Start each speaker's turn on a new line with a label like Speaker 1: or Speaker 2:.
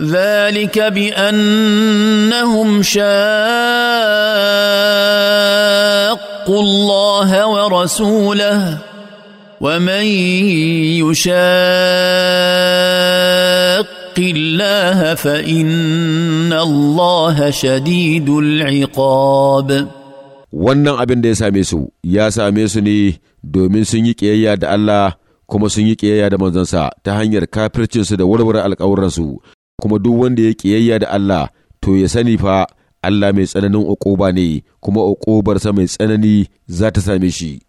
Speaker 1: ذلك بانهم شاقوا الله ورسوله ومن يشاق الله
Speaker 2: فان الله شديد العقاب
Speaker 3: wannan abin da ya same su ya same su ne domin sun yi ƙiyayya da Allah kuma sun yi ƙiyayya da manzansa ta hanyar kafircinsu da warware alƙawuransu kuma duk wanda ya ƙiyayya da Allah to ya sani fa Allah mai tsananin uquba ne kuma uqubarsa mai tsanani za ta same shi